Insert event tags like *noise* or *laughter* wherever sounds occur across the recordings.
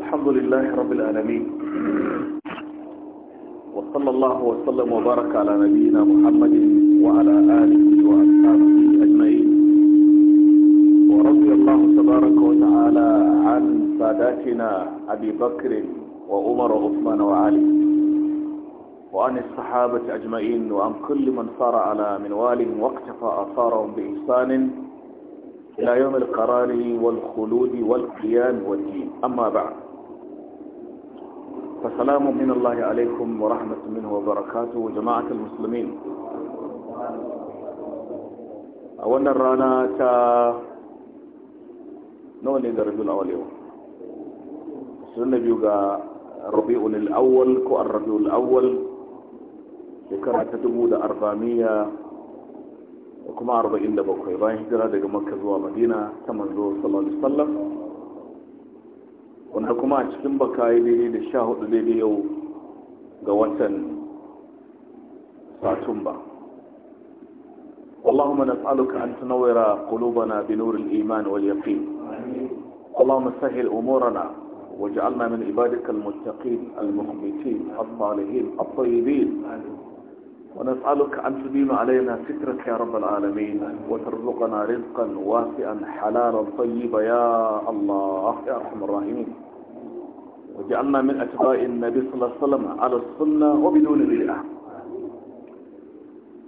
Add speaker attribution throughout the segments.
Speaker 1: الحمد لله رب العالمين وصلى الله وسلم وبارك على نبينا محمد وعلى آله وأصحابه أجمعين ورضي الله تبارك وتعالى عن ساداتنا أبي بكر وعمر وعثمان وعلي وعن الصحابة أجمعين وعن كل من صار على منوال واقتفى أثارهم بإحسان إلى يوم القرار والخلود والقيام والدين أما بعد فسلام من الله عليكم ورحمة منه وبركاته وجماعة المسلمين أولا رانا تا نولي درجو الأولي سنة بيوغا ربيع الأول كو الربيع الأول لكرة تدبود أربعمية وكما أربعين دبوكي باين هجرة دقم مكة زوا مدينة تمنزو صلى الله عليه وسلم wanda kuma a cikin baka yi daidai da sha hudu daidai yau ga watan satumba اللهم نسألك أن تنور قلوبنا بنور الإيمان واليقين اللهم سهل أمورنا واجعلنا من عبادك المتقين المخبتين الصالحين الطيبين ونسألك أن تدين علينا فكرك يا رب العالمين وترزقنا رزقا واسعا حلالا طيبا يا الله يا أرحم الراحمين وجعلنا من أتباع النبي صلى الله عليه وسلم على السنة وبدون رئة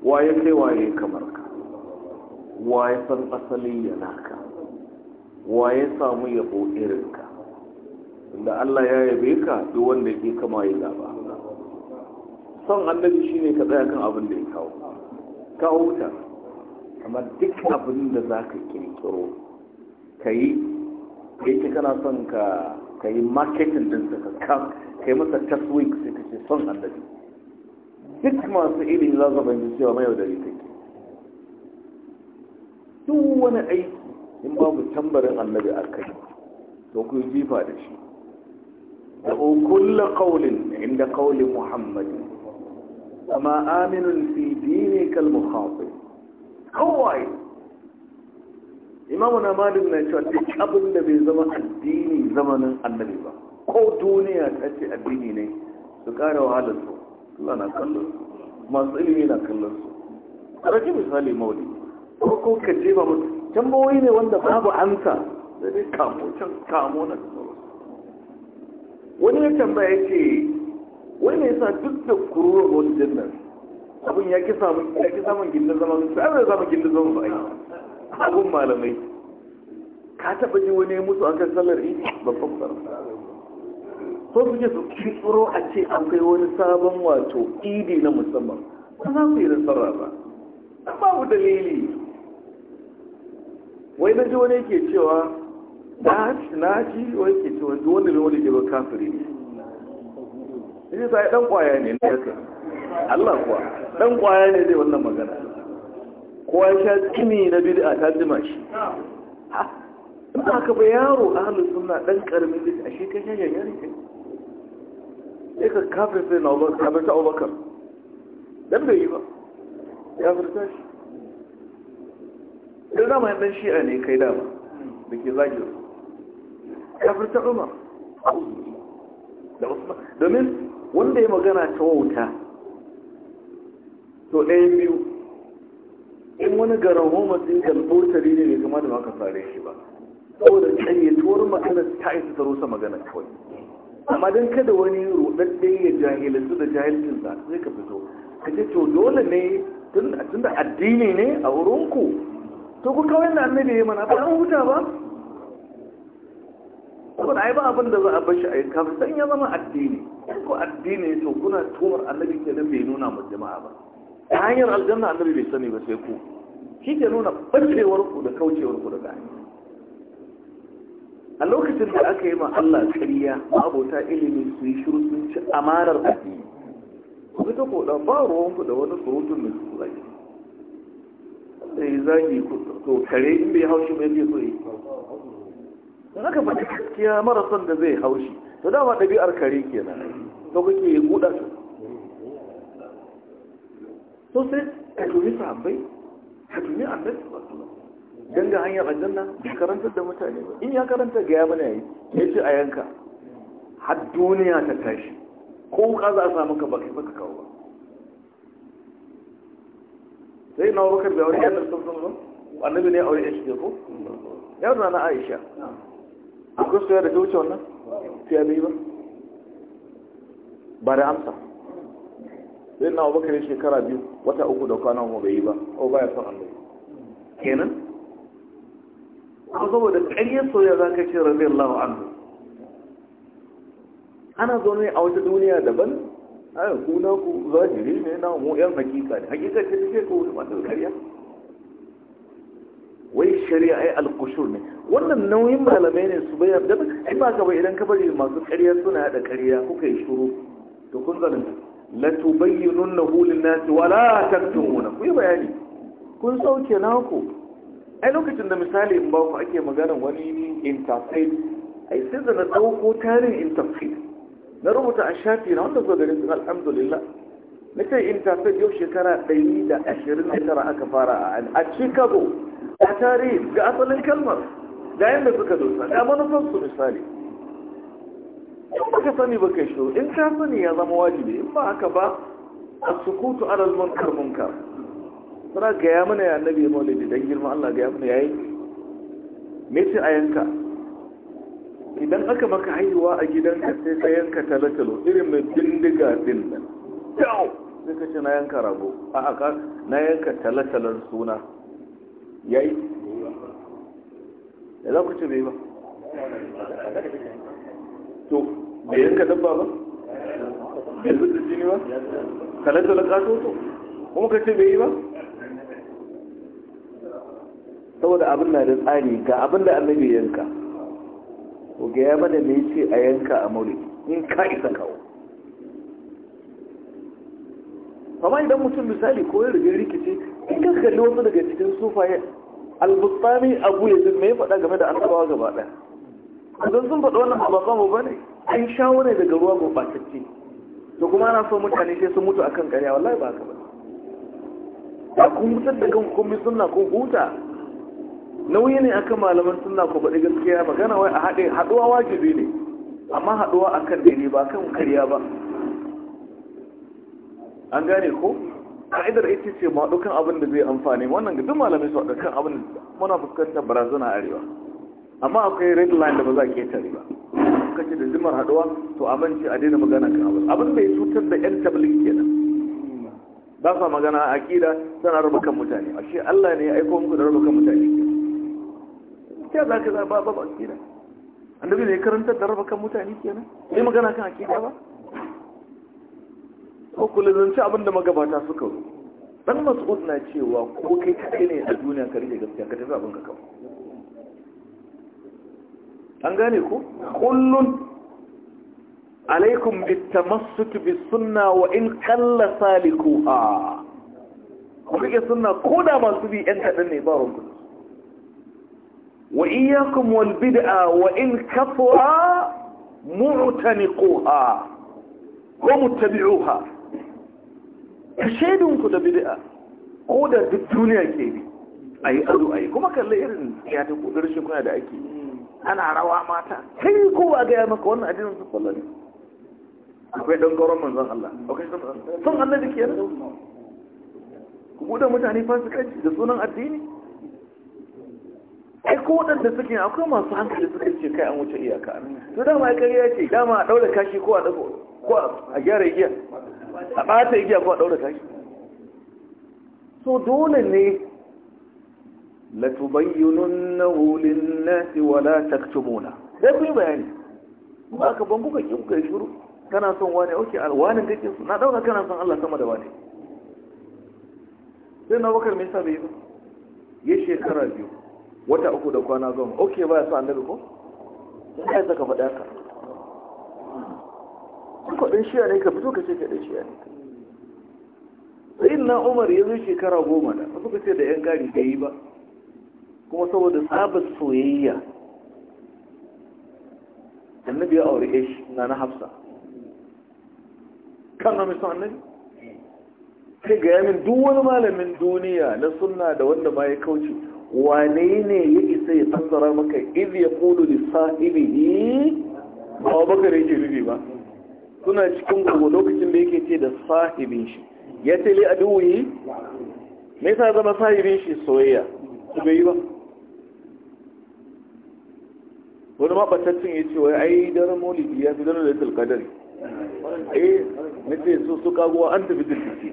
Speaker 1: وايك وايه مركا وايسا أصلي لك وايسا ميقو إرنك إلا الله يا يبيك دون لكي كما يلابا son annabi ne ka tsaya kan abin da ya kawo ka huta amma duk abin da za ka kirkiro ka yi yake kana son ka ka yi marketin din sa ka yi masa taswik sai ka ce son annabi duk masu ilimi za su fahimci cewa mai yaudari ke. duk wani aiki in babu tambarin annabi a kai to ku jifa da shi da kulla qaulin inda qauli muhammadin amma aminun fi dini kalmukhafi kawai imamu na malin na cewa duk abin da bai zama addini zamanin annabi ba ko duniya ta ce addini ne su ƙara wahalar su Allah na kallon su masu ilimi na kallon su a rage misali mauli ko ko ka ce ba mutu tambayoyi ne wanda babu amsa da dai kamo can kamo na wani ya tambaya ce wai ne yasa duk da kuruwar wani jannan abin ya kisa samun ya kisa mun gindi zaman su an zama gindi zaman su ai abin malamai ka taɓa ji wani musu akan sallar idi babban sarfa so su je su tsoro a ce an kai wani sabon wato idi na musamman ba za mu yi nasara ba babu dalili wai na ji wani ke cewa na shi wani ke cewa wanda ne wani ke ba kafiri ne shi sai dan kwaya ne ne yake Allah kuwa dan kwaya ne zai wannan magana kowa ya kimi na bid'a ta jima shi ha aka ba yaro ahlus sunna dan karamin bid'a shi kai yayin yare kai sai ka kafa sai na Abubakar kafa ta Abubakar dan bai yi ba ya furta shi dan dama dan shi'a ne kai dama dake zagi ya furta Umar da Usman domin wanda ya magana ta wauta to ɗaya biyu in wani garin homasin galbotari ne ne kama da maka fare shi ba saboda tuwar magana ta isa ta rusa magana kawai amma don kada wani ruɗaɗɗe ya su da jahilcinsa su ka fito ka ce to dole ne tun da addini ne a wurinku to ku kawai na annabi ya mana ba an huta ba saboda ai ba abin da za a bashi a yi kafin ya zama addini in ku addini to kuna tumar annabi ke nan bai nuna mu jama'a ba ta hanyar aljanna annabi bai sani ba sai ku shi ke nuna bacewar ku da kaucewar ku daga a lokacin da aka yi ma Allah kariya abota ilimi su yi shiru sun ci amarar addini ku ta ko da ba ruwan ku da wani surutun mai su zaki wanda ya zagi to kare in bai haushi mai zai so yi don haka faɗi gaskiya marasan da zai haushi to dama ɗabi'ar kare kenan to kake yi guda su so sai ka tuni sahabbai ka tuni annabi dan ga hanyar aljanna bai karantar da mutane ba in ya karanta ga ya mana yayi ya ce a yanka har duniya ta tashi ko ka za a samu ka baka baka kawo ba sai na bakar da wani yanar sun sun annabi ne aure ya shige ko na na aisha akwai sayar da ta wuce wannan sai bai ba ba da amsa sai na abubakar shekara biyu wata uku da kwana mu bai yi ba ko ba ya son annabi kenan kuma da ƙaryar soya za ka ce rabi Allah anhu ana zaune a wata duniya daban ai ku na ku zahiri ne na mu yan hakika ne hakika ce ce ko wata ƙarya wai shari'a ai alqushur ne wannan nauyin malamai ne su bayar da ai ba ka bai idan ka bari masu ƙarya suna da ƙarya kuka yi shuru to kun zalunta la tubayyinunnahu lin-nasi wa la taktumuna ku yi bayani kun sauke naku ai lokacin da misali in ba ku ake magana wani interfaith ai sai da na dauko tarin interfaith na rubuta a shafi na wanda zuwa garin alhamdulillah na kai interfaith yau shekara 129 aka fara a Chicago a tarihi ga asalin kalmar da yadda suka dosa da manufan su misali in baka sani baka shi in ka sani ya zama wajibi in ba haka ba a sukutu alal munkar munkar sana gaya mana ya annabi ya maulidi dan girma Allah gaya mana yayi me ce a yanka idan aka maka haihuwa a gidanka sai ka yanka talatalo irin mai bindiga din nan yau sai ka ce na yanka rago a aka na yanka talatalar suna yayi da za ku ce bai ba to bai yanka dabba ba bai zuɗa jini ba talantala kaso to kuma ka ce bai yi ba saboda abin na da tsari ga abin da annabi yanka ko ga ya mana me ce a yanka a maulid in ka isa kawo amma idan mutum misali ko ya riga rikici in ka kalli wasu daga cikin sufaye albustami abu ya zirme mai faɗa game da annabawa gaba ɗaya idan sun faɗa wannan ba samu ba ne an shawo ne daga ruwa gurɓatacce to kuma ana so mutane sai sun mutu akan ƙarya wallahi ba ka ba da kun mutar da kanku kun bi sunna ko huta nauyi ne akan malaman sunna ko baɗi gaskiya magana wai a haɗe haɗuwa wajibi ne amma haɗuwa akan daidai ba kan ƙarya ba an gane ko ka'idar ita ce ma dukkan abin da zai amfani wannan ga duk malamai su dukkan abin muna fuskantar barazana arewa amma akwai red line da ba za ke tare ba kace da zimar haduwa to amince a daina magana kan abin abin da ya cutar da yan tabligh kenan ba fa magana a akida tana raba kan mutane ashe Allah ne ya aiko muku da raba kan mutane ke za ka za ba ba akida annabi ne karanta da raba kan mutane kenan sai magana kan akida ba ko abinda magabata suka ru. dan mas'ud na cewa ko kai kai ne a duniya ka rike gaskiya ka tafi abin ka kawo an gane ko kullun alaikum bitamassuki suna wa in qalla salikuha ku rike sunna koda masu bi yan kadan ne ba ruku wa iyyakum wal bid'a wa in kafara mu'taniquha wa muttabi'uha shaidunku da bid'a ko da duk duniya ke bi a yi azu a yi kuma kalli irin ya ta kudar shi kuna da ake ana rawa mata sai ko a gaya maka wannan addinin su ne. akwai ɗan gauran manzon Allah akwai son Allah da ke yana ku buɗe mutane fasikanci da sunan addini ai ko waɗanda suke akwai masu hankali suka ce kai an wuce iyaka to dama ya kariya ce dama a ɗaure kashi ko a ɗago ko a gyara giya a ɓata igiya ko a ɗaura kai? so dole ne na wulin nasi wa la taktumuna sai kun yi bayani ba ka ban kuka kin yi shiru kana son wani oke alwanin kake na ɗaura kana son Allah sama da wani sai na bakar mai sabai ba ya shekara biyu wata uku da kwana zuwa oke ba ya sa annabi ko sai ka faɗa ka kudin shiya ne ka fito ka ce ka shiya ne sai na umar ya zo shekara goma da ba suka ce da yan gari ka yi ba kuma saboda tsabar soyayya annabi ya aure ya shi na na hafsa kan na misan annabi sai ga yamin duk wani malamin duniya na sunna da wanda ba ya kauce wane ne ya isa ya tattara maka iz ya kulu lissahibihi ba wa bakare ke nufi ba suna cikin gurgu lokacin da yake ce da sahibin shi ya ce li aduwi me sa zama sahibin shi soyayya su bai yi ba wani mabatattun ya ce wai ai dara maulidi ya fi daren da yasul kadari eh na ce su su kaguwa an tafi dirkiki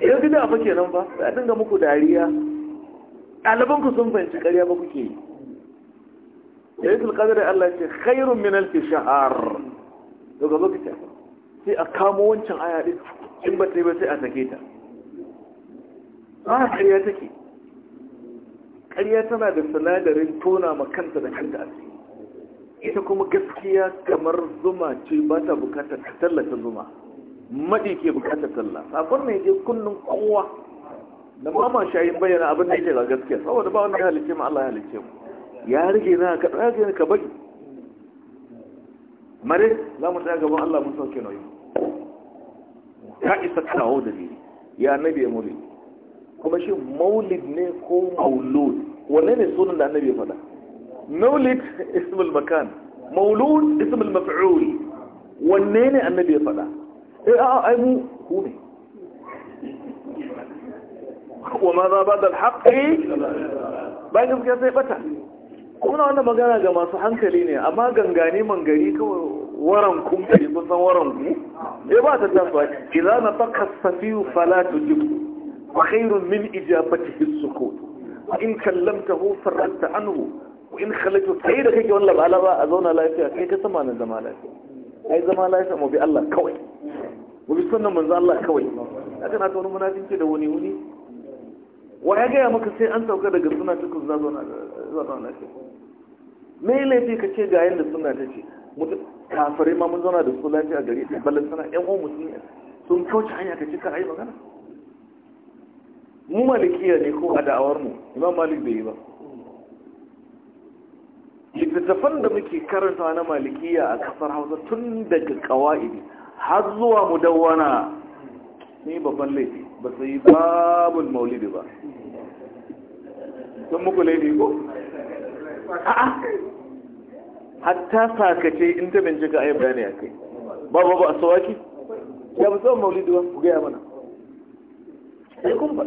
Speaker 1: ya fi da fake nan ba ya dinga muku dariya ɗalibanku sun fahimci ƙarya ba kuke yi da yasul da allah ce khairun min alfi shahar daga lokacin sai a kamo wancan aya din in ba ta yi ba sai a sake ta ba ƙarya take ƙarya tana da sinadarin tona ma kanta da kanta a ita kuma gaskiya kamar zuma ce ba ta bukatar tallata zuma maɗi ke bukatar talla sakon ne je kullum kowa da mama shayin bayyana abin da yake ga gaskiya saboda ba wani ya halice ma Allah ya halice mu ya rage na ka rage ka bari mare za mu tsaya gaban Allah mun sauke nauyi ya isa kawo da ne ya annabi ya mulid kuma shi maulid ne ko maulud wanne ne sunan da annabi ya faɗa maulid ismul makan maulud ismul maf'ul wanne ne annabi ya faɗa eh a ai mu ku ne wa ma za ba da alhaqi ba gaskiya sai bata kuna wannan magana ga masu hankali ne amma gangane mangari kawai waran kun kari waran ku ya eh, ba ta tasowa idza nafaqa safiyu fala tujib wa khairun min ijabatihi as wa in kallamtahu faranta anhu wa in khalatu kai da kake wannan balaba a zauna lafiya kai ka sama nan zama lafiya ai zama lafiya mu bi Allah kawai mu bi sunnan manzo Allah kawai haka na ta wani munafinci da wani wuni wa ya gaya maka sai an sauka daga suna cikin zazo na zazo na lafiya me laifi ka ce ga yadda suna ta ce kafare ma mun zauna da su a gari ɗaya suna sana ƴan sun musulmi sun kauce hanya ka ce ka a yi magana mu malikiya ne ko a da'awar mu imam malik bai yi ba littattafan da muke karanta na malikiya a kasar hausa tun daga kawa'idi har zuwa mu mudawwana ni babban laifi ba sai babul maulidi ba sun muku laifi ko hatta sakace in ta bincika ayi bayani a kai ba ba ba a sawaki ya fi tsawon maulidi ba ku gaya mana sai kun faɗa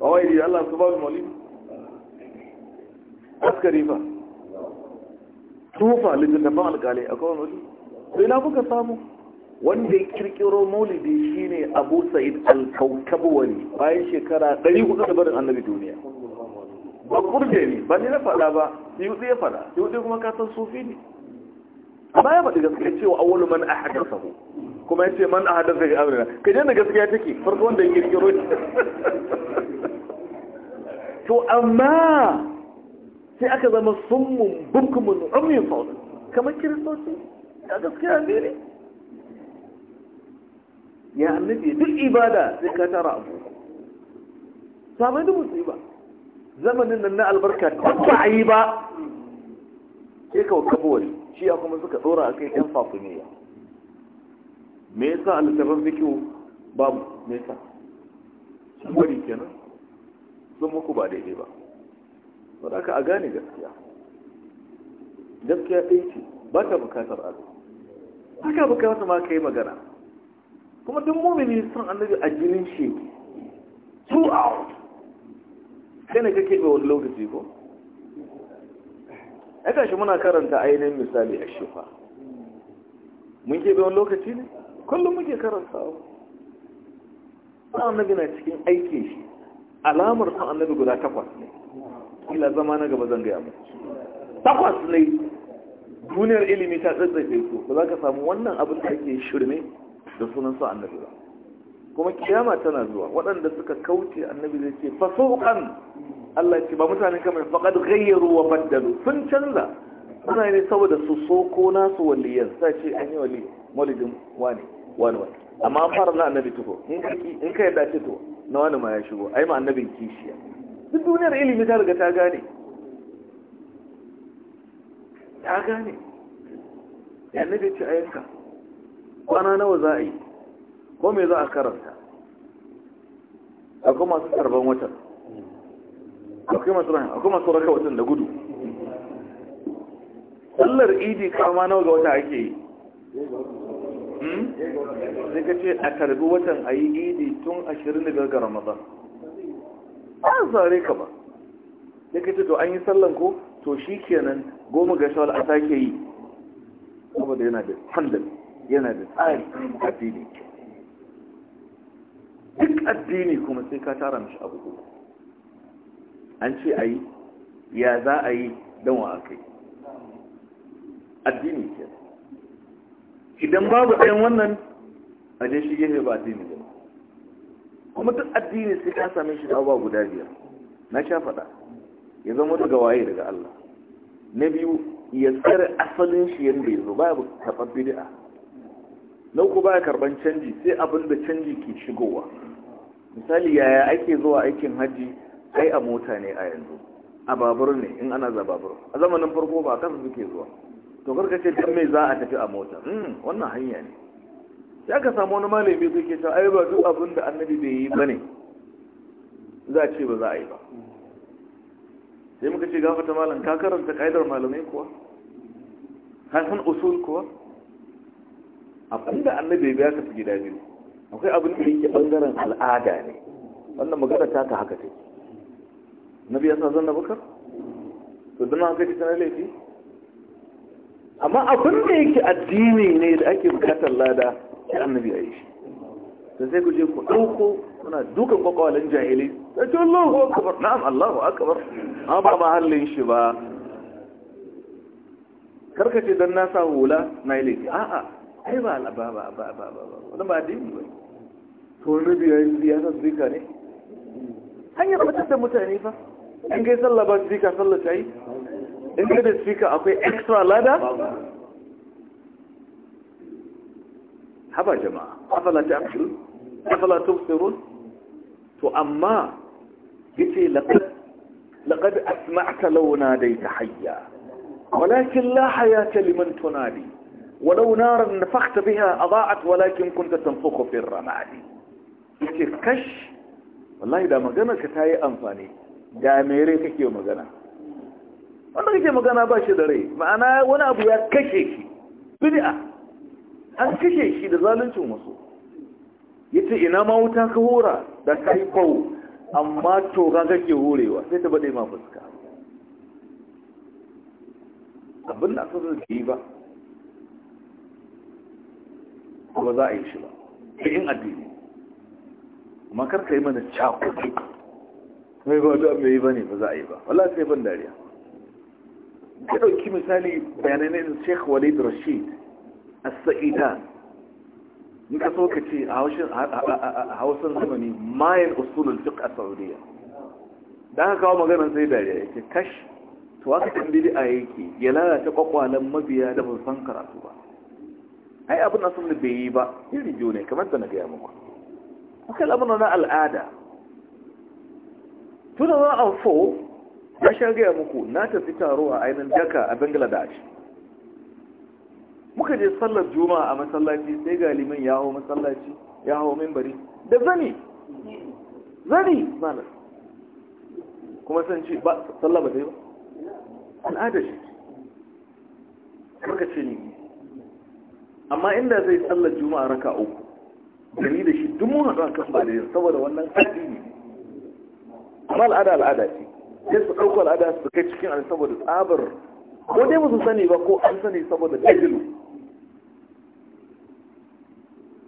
Speaker 1: ba wai da Allah su ba mu maulidi askari fa tufa littattafan alƙalai a kawai maulidi sai na kuka samu wanda ya kirkiro maulidi shine abu sa'id al-kaukabwari bayan shekara 400 da barin annabi duniya ba kurje ne ba ni na faɗa ba yuɗi ya faɗa yuɗi kuma ka sufi ne amma ya faɗi gaskiya cewa awwalu man ahdatha hu kuma yace man ahdatha fi amrina ka je da gaskiya take farko wanda ya kirkiro *laughs* to amma sai aka zama summun bukumun ummin faul kamar kiristoci a gaskiya ne ne ya annabi duk ibada sai ka tara abu sabai da musu ba zamanin nan na albarka ba a yi ba sai kawai wani, shi ya kuma suka tsora a kai ɗan fafuniya me sa a littafin fikiyo babu me Sun wari kenan sun muku ba daidai ba wadda aka a gane gaskiya gaskiya ɗaya ce ba ta bukatar azu ba ka bukatar ma ka yi magana kuma duk mumini sun annabi a jinin shi two kai ne ka keɓe wani lokaci ko ya kashi muna karanta ainihin misali a shifa mun keɓe wani lokaci ne kullum muke ta annabi na cikin aiki shi alamar ta annabi guda takwas ne ila zama na gaba zan gaya mu takwas ne duniyar ilimi ta tsatsafe su ba za ka samu wannan abin da ake shirme da sunan son annabi ba kuma kiyama tana zuwa waɗanda suka kauce annabi zai ce fasuqan Allah ya ce ba mutane kamar faqad ghayyaru wa baddalu sun canza suna ne saboda su soko nasu waliyan sai ce an yi wali maulidin wani wani wani amma an fara na annabi tuko in ka yadda ce to na wani ma ya shigo ai ma annabin kishiya duk duniyar ilimi ta riga ta gane ta gane annabi ce ayyuka kwana nawa za a yi ko me za a karanta akwai masu karban watan akwai masu rahin akwai masu raka watan da gudu sallar idi kama nawa ga wata ake yi
Speaker 2: hmm? sai
Speaker 1: ka ce a karbi watan a yi idi tun ashirin da ga ramadan a zare ka ba sai ka ce to an yi sallan ko to shi kenan goma ga shawar a sake yi saboda yana da handal yana da tsari a fili addini kuma sai ka tara mishi abu uku an ce a yi ya za a yi don wa aka yi addini ke idan babu ɗayan wannan a je shi gefe ba addini ba kuma duk addini sai ka same shi da abuwa guda biyar na sha faɗa ya zama daga waye daga Allah na biyu ya tsare asalin shi yadda ya zo baya karɓar bid'a na uku baya karɓar canji sai abin da canji ke shigowa misali yaya ake zuwa aikin hajji ai a mota ne a yanzu a babur ne in ana za babur a zamanin farko ba kansu suke zuwa to karka ce dan mai za a tafi a mota hmm, wannan hanya ne sai aka samu wani malami zai ke ai ba duk abin da annabi bai yi bane za a ce ba za a yi ba sai muka ce gafata malam ka karanta kaidar malamai kuwa ka san usul kuwa abinda annabi ya ka su gida biyu akwai abin da yake bangaren al'ada ne wannan magana ta ta haka take nabi ya sa da bakar to dan haka ta na laifi amma abin da yake addini ne da ake bukatar lada sai annabi ya yi shi to sai ku je ku dauko kuna dukan kwakwalen jahili sai ce Allahu akbar na'am Allahu akbar amma ba halin shi ba karkace dan na sa hula na yi laifi a'a ai ba ba ba ba ba ba ba ba ba ba هيا ما تبدأ متعنيفة إن جيس الله بات ذيكا صلى شيء إن جيس فيكا أكوي إكسرا لدى هبا جماعة أفلا تأكل أفلا تبصرون تو أما جيتي لقد لقد أسمعت لو ناديت حيا ولكن لا حياة لمن تنادي ولو نارا نفخت بها أضاعت ولكن كنت تنفخ في الرمادي Yake kash wallahi da magana ka ta yi amfani da mere rai kake magana wanda kake magana ba shi da rai ma'ana wani abu ya kashe shi bid'a an kashe shi da zaluncin wasu yace ina ma wuta ka hora da kai kwau amma to ga kake horewa sai ta bade ma fuska abin da aka yi ba ba za a yi shi ba in addini amma kar ka yi mana cakuɗi mai ba wata mai yi ba ne ba za a yi ba wala sai ban dariya ka ɗauki misali bayanai na sheikh walid rashid a sa'ida in ka so ka ce a hausar zamani mayan usulun duk a saudiya da aka kawo maganar sai dariya ya ce kash to aka kan a yake ya lalata kwakwalen mabiya da ba san karatu ba ai abin asalin bai yi ba iri jiyo ne kamar da na gaya muku akwai lamuna na al'ada tuna za a fo ya sha gaya muku na tafi taro a ainihin daka a bangladesh muka je sallar juma'a a masallaci sai ga liman ya hau masallaci ya hau da zani zani mana. kuma san ce ba Sallar ba zai ba al'ada shi karka ce ni amma inda zai sallar juma'a raka uku gari da shi duk mun haɗu a kan ba da saboda wannan addini amma al'ada al'ada ce sai su ɗauko al'ada su kai cikin al'ada saboda tsabar ko dai ba su sani ba ko an sani saboda dajilu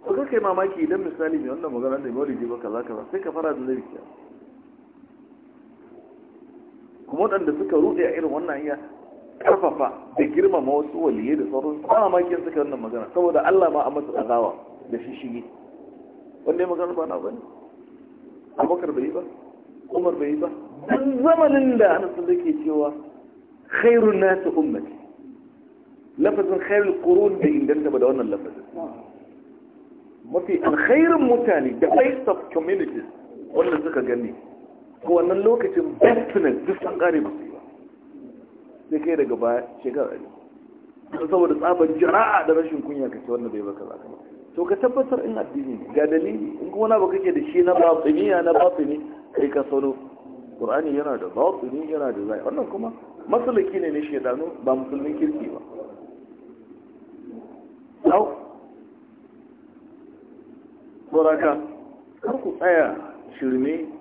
Speaker 1: ko ka kai mamaki idan misali mai wannan magana da maulidi ba kaza kaza sai ka fara da zarfiya kuma waɗanda suka ruɗe a irin wannan iya karfafa da girmama wasu waliyai da sauran su ba mamakin suka wannan magana saboda Allah ma a masa azawa da shishigi wanda magana ba na bane abubakar bai yi ba umar bai yi ba duk zamanin da ana sun ke cewa khairun nasu ummati lafazin khairul qurun da inganta ba da wannan lafazin mafi alkhairin mutane da best of communities wanda suka gani ko wannan lokacin bestness duk an kare ba ba sai kai daga baya shekara ne saboda tsabar jira'a da rashin kunya kace wannan bai baka zaka ba to ka tabbatar in addini ga dalili in kuma na ba kake da shi na batiniya na batini kai ka sano qur'ani yana da batini yana da zai wannan kuma masalaki ne ne shedanu ba musulmin kirki ba au buraka kar ku tsaya shirme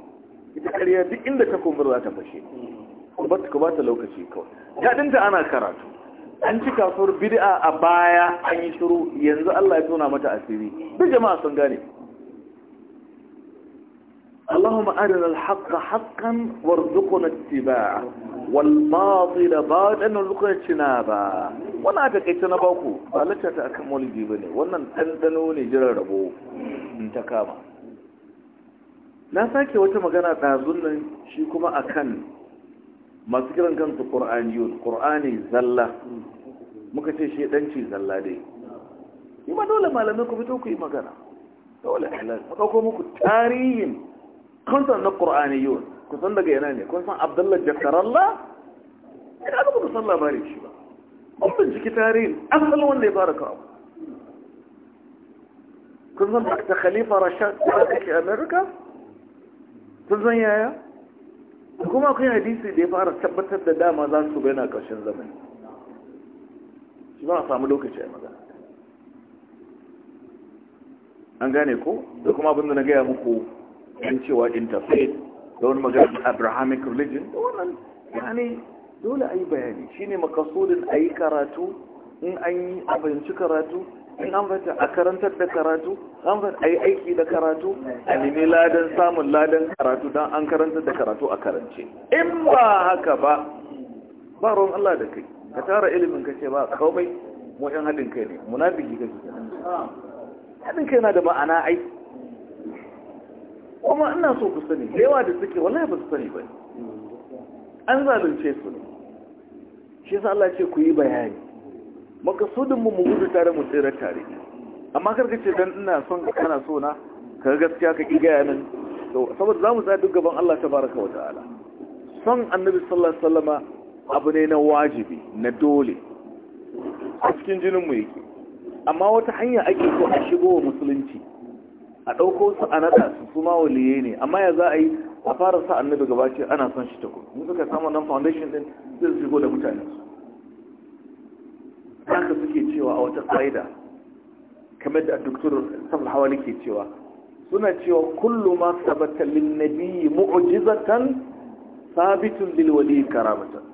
Speaker 1: ita kariya duk inda ta kumbura za ta fashe ku ba ta lokaci kawai ta dinta ana karatu an ci kasuwar bid'a a baya an yi shiru, yanzu Allah ya tona mata asiri duk jama'a sun gane Allahumma arina al-haqqa haqqan warzuqna ittiba'a wal batila batilan warzuqna ijtinaba wannan aka kai na bako ba lacca ta akan maulidi bane wannan dan dano ne jiran rabo in ta kama na sake wata magana dazun nan shi kuma akan masu kiran kansu ƙur'aniyun ƙur'ani zalla muka ce ɗanci zalla dai yi ma dole malamai ku fito ku yi magana dole halal ɗauko muku tarihin kuntan na ƙur'aniyun san daga yana ne kun san abdullah jakaralla ina ga ku san labarin shi ba mun binciki tarihin asalin wanda ya fara kawo kun san da khalifa rashad da ke america kun san yaya da kuma akwai hadisi da ya fara tabbatar da dama za su na ƙarshen zamani shi ba a samu lokaci a magana an gane ko da kuma abin da na gaya muku in cewa interfaith da wani magana abrahamic religion da wannan yani dole a yi bayani shine makasudin a yi karatu in an yi a karatu in an fata a karantar da karatu an fata a yi aiki da karatu a nemi ladan samun ladan karatu don an karantar da karatu a karance in ba haka ba ba ruwan Allah da kai ka tara ilimin ka ce ba kawai mu haɗin kai ne munafiki kake haɗin kai na da ma'ana ai kuma ina so ku sani yawa da suke wallahi ba su sani ba an zalunce su ne shi yasa Allah ce ku yi bayani makasudin mu mu gudu tare mu tsira tare amma karka ce dan ina son kana so na ka gaskiya ka ki gaya to saboda zamu tsaya duk gaban Allah tabaraka wa ta'ala son annabi sallallahu alaihi wasallama abu ne na wajibi na dole a cikin jinin mu yake amma wata hanya ake so a shigo wa musulunci a ɗauko su a nada su kuma waliye ne amma ya za a yi a fara sa annabi gabace ana son shi ta kudu mun suka samu nan foundation din zai shigo da mutane haka suke cewa a wata tsaida kamar da doktor hawa hawali ke cewa suna cewa kullu ma sabata lin nabi mu'jizatan sabitun lil wali karamatan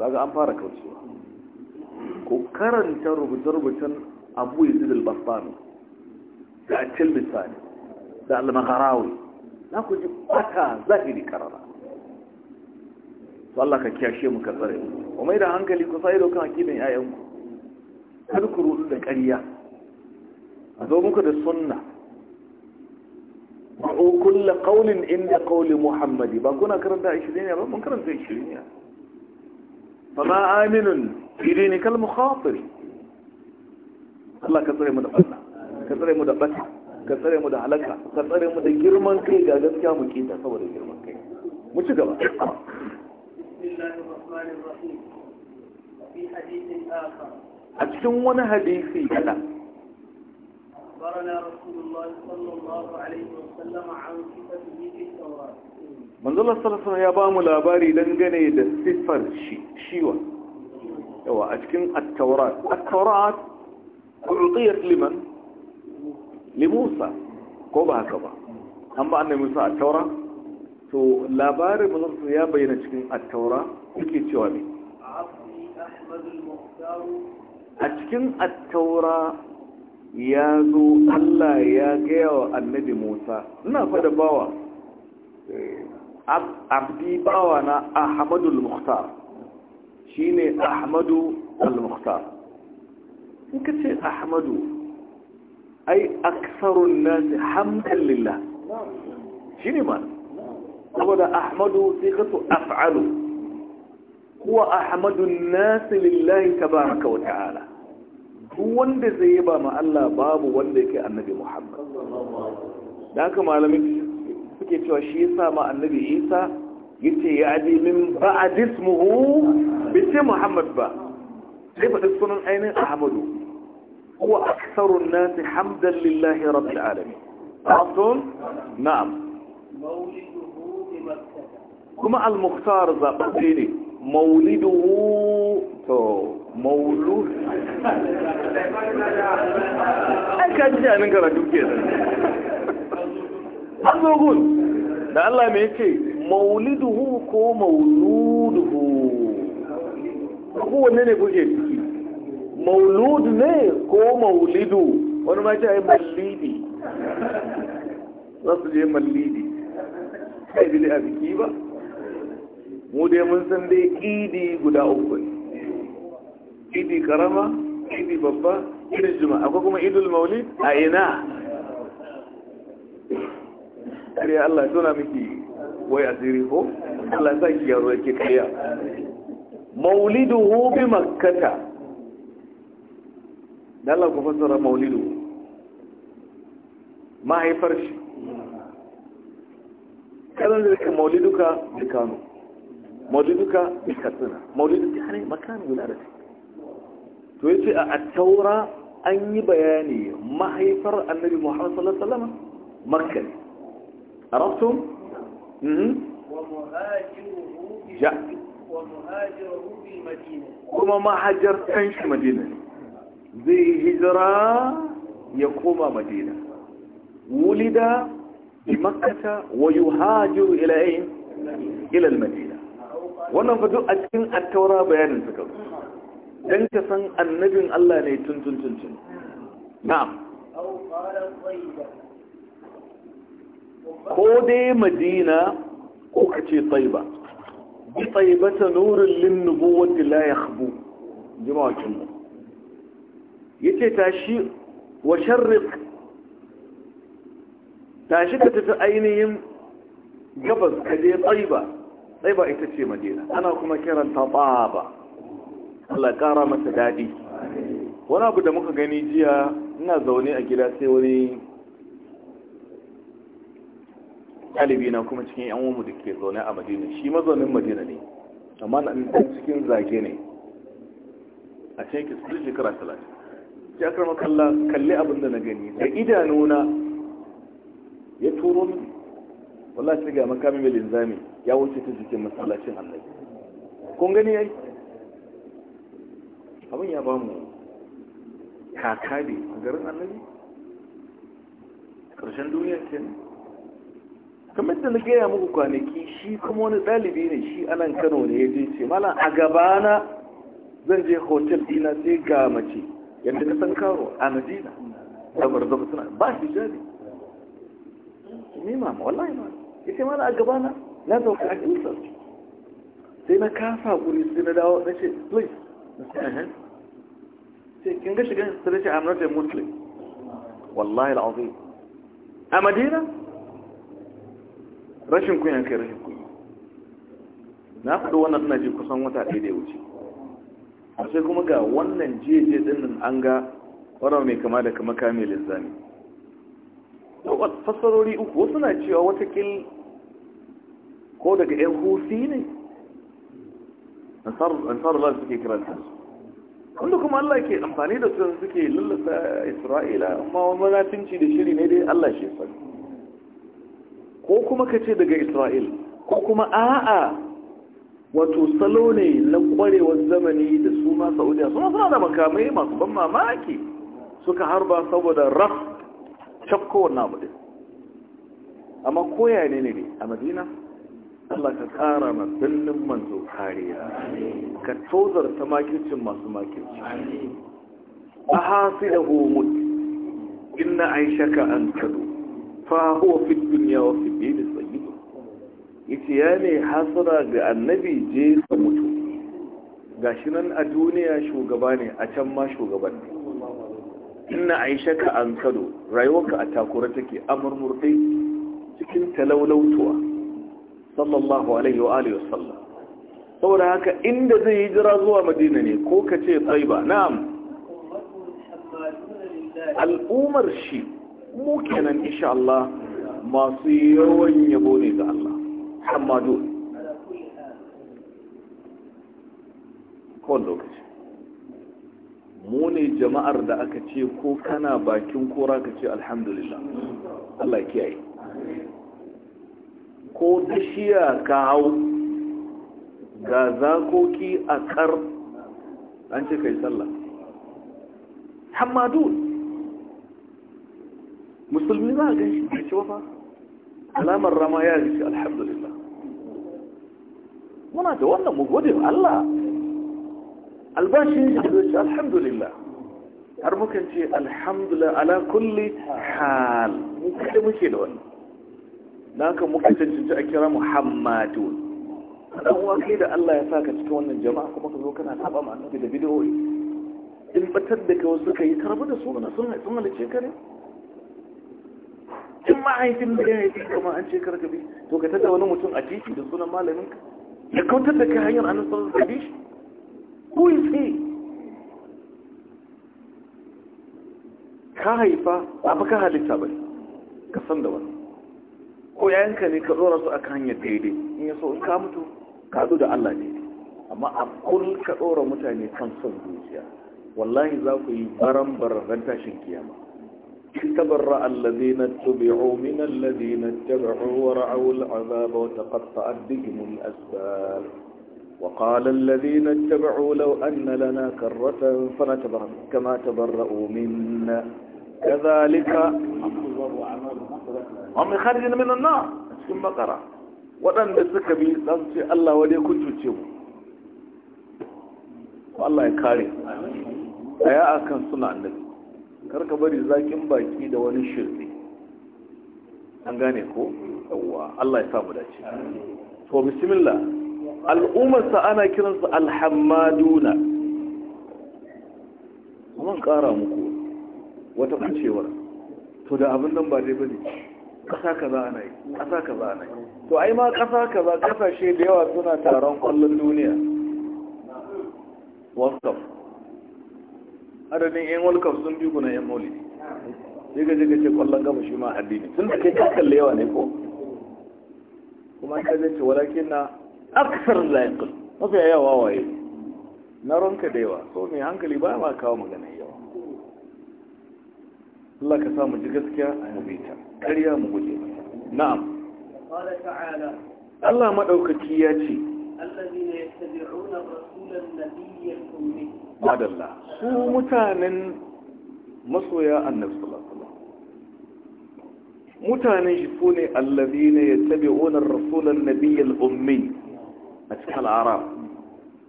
Speaker 1: kaga an fara kaucewa ko karanta rubuce-rubucen abu yazid al-bassani da atil misali da al-magharawi na ku ji baka zahiri karara to Allah ka kiyashe mu ka tsare mu ku mai da hankali ku sai dokan akidan aqidan yayanku kar ku rudu da ƙarya a zo muku da sunna wa kullu qawlin inda qawli muhammadi ba kuna karanta 20 ne ba mun karanta 20 ne ma aminun idini kal المخاطر Allah ka tsare mu da fata ka tsare mu da bata ka tsare mu da halaka ka tsare mu da girman kai ga gaskiya mu kita saboda girman kai mu ci gaba a cikin wani hadisi kada manzalar sarasa ya ba mu labari dangane da siffar shiwa yawa a cikin attaurat attaurat ƙulƙiyar liman limusa ko ba haka ba an ba annabi musa attaura to labarin manzalar ya bayyana cikin attaura yake cewa ne a cikin attaura ya zo Allah ya gaya wa annabi Musa ina fada bawa abdi bawa na Ahmadu al-Mukhtar shine Ahmadu al-Mukhtar in ka ce Ahmadu ai aksarun nasi hamdan lillah shine ma saboda Ahmadu sai ka af'alu هو أحمد الناس لله تبارك وتعالى وند زيبا ما الله باب وند كي النبي محمد داك ما لم يكي توشيسا ما النبي إيسا يتي يعدي من بعد اسمه بيتي محمد با كيف تسكن أين أحمد هو أكثر الناس حمدا لله رب العالمين عرفتم؟ نعم
Speaker 2: مولده
Speaker 1: بمكة كما المختار زابطيني mauliduhu to maulu ai ka ji jamin karatu ke nan an zo gun da Allah mai ce mauliduhu ko mauluduhu kowanne ne kuke ciki maulud ne ko maulidu wani ma ce yi mallidi za su je mallidi kai bili a biki ba mu dai mun san dai idi guda uku ne idi karama idi babba idi juma'a akwai kuma idul maulid a ina kare Allah na miki wai asiri ko Allah sa ki yaro yake kariya mauliduhu bi makkata da Allah ku fassara mauliduhu mahaifar shi kalan da ka mauliduka kano مولدك بكثنا مولدك يعني مكان ولادتك تويت الثورة أي بياني ما هيفر النبي محمد صلى الله عليه وسلم مكة عرفتم؟ ومهاجره
Speaker 2: جاء ومهاجره في المدينة
Speaker 1: وما ما هاجرت في مدينة ذي هجرة يقوم مدينة ولد بمكة ويهاجر إلى أين؟ إلى المدينة wannan fa a cikin attaura bayanin suka Don ka san annabin Allah ne tun tun tun tun na'am ko dai madina ko ka ce Tsaiba. bi taibata nurin linnubu nubuwati la ya yakhbu jama'a kin yace tashi wa sharriq tashi ka tafi ainihin gabas ka je Tsaiba. sai ba ita ce madina ana kuma kiranta ba Allah ƙara masa daɗi wani abu da muka gani jiya ina zaune a gida sai wani ɗalibi na kuma cikin yan uwanmu da ke zaune a madina shi mazaunin madina ne amma na ɗan cikin zage ne a cikin kisir shekara talatin ya karma kalla kalli abin da na gani da idanuna ya turo min wallah shiga ga mai linzami ya wuce ta jikin masallacin annabi kun gani yayi abin ya ba mu kaka ne a garin annabi ƙarshen duniya ke kamar da na gaya muku kwanaki shi kuma wani ɗalibi ne shi anan kano ne ya je ce malam a na zan je hotel dina sai ga mace yadda ka san karo a madina da marzaba suna ba shi jari ni mama wallahi ma ya ce malam a na na sauka a kinsa sai na kafa guri sai na dawo na ce please uh-huh. sai kin ga shiga sai ce i'm not a muslim wallahi al'azim a madina rashin kunya kai rashin kunya na faɗo wannan suna ji kusan wata ɗaya da wuce a sai kuma ga wannan jeje ɗinnan an ga wara mai kama da kama kame linzami fassarori uku wasu na cewa watakil ko daga ‘yan husi ne ba suke kiranta wanda kuma Allah ke amfani da su suke lullasa isra'ila amma wani manafinci da shiri ne dai Allah shi fari. ko kuma ka ce daga isra'il ko kuma a'a wato salo ne na ƙwarewar zamani da su ma saudiya suna suna da makamai masu ban mamaki suka harba saboda raf cakkowar namudin. amma koya ne ne a madina Allah ka ƙara ma birnin manzo kariya ka tozar ta makircin masu makirci a hasi da homut inna aishaka an kado fa huwa fit duniya wa fi dini sayyidu ita ya ne hasara ga annabi je ka mutu shi nan a duniya shugaba ne a can ma shugaban ne inna aishaka an kado rayuwarka a takura take a cikin talaulautuwa. sallallahu alaihi wa alihi wasallam saboda haka inda zai yi jira zuwa madina ne ko ka ce tsaiba na'am al'umar shi mu kenan insha Allah masu yawan yabo ne ga Allah hamadu kowane lokaci mu ne jama'ar da aka ce ko kana bakin kora ka ce alhamdulillah Allah ya kiyaye ko bishiya ka hau ga zakoki a kar an ce kai sallah hamadun musulmi ba a gan shi ce wafa alamar rama ya yi shi alhamdulillah muna da wannan mu gode Allah albashin shi da alhamdulillah har mukan ce alhamdulillah ala kulli
Speaker 3: hal
Speaker 1: mu kada muke da wannan da haka muka cancanci a kira muhammadu dan uwa kai da Allah ya saka cikin wannan jama'a kuma ka zo kana saba ma annabi da bidiyoyi in batar da kai wasu kai karbu da su sun sun halice ka ne in mahaifin da ya yi kuma an ce karka bi to ka tada wani mutum a titi da sunan malamin ka ya kautar da kai hanyar annabi sallallahu alaihi wasallam who is he ka haifa abu ka halitta bai ka san da wani ko yayanka ne ka dora su akan hanyar daidai in ya so in ka mutu ka zo da Allah ne amma a kullum ka dora mutane kan son zuciya wallahi za ku yi baran baran tashin kiyama tubi'u min wa ra'u اتبعوا wa taqatta'a bihim al'asbab wa qala بهم الأسباب law anna lana لو أن kama tabarra'u minna kadhalika تبرأوا منا كذلك wa mai kharijin minan na cikin bakara waɗanda suka bi zan ce Allah wa dai kun cuce mu Allah ya kare aya a suna annabi ka bari zakin baki da wani shirki an gane ko yawwa Allah ya sa mu dace to bismillah al'ummarsa ana su alhammaduna Mun ƙara muku wata kucewar to da abin nan ba dai bane ƙasa za ana yi ƙasa za ana yi to ai ma ƙasa ka kaza ƙasashe da yawa suna taron ƙwallon duniya world cup adadin yan world cup sun bi na yan moli sai ka je ce ƙwallon gaba shi ma addini sun da kai da yawa ne ko kuma ka zai ce walakin na aksar laifin mafi yawa waye na ronka da yawa so mai hankali ba ma kawo magana Allah ka sa mu ji gaskiya mu bi ta ƙarya mu guje na'am Allah madaukaki ya ce
Speaker 2: allazina rasulan nabiyyan ummi
Speaker 1: madalla su mutanen masoya annabi sallallahu alaihi wasallam mutanen shi ya allazina unar rasulan nabiyyan ummi a cikin arab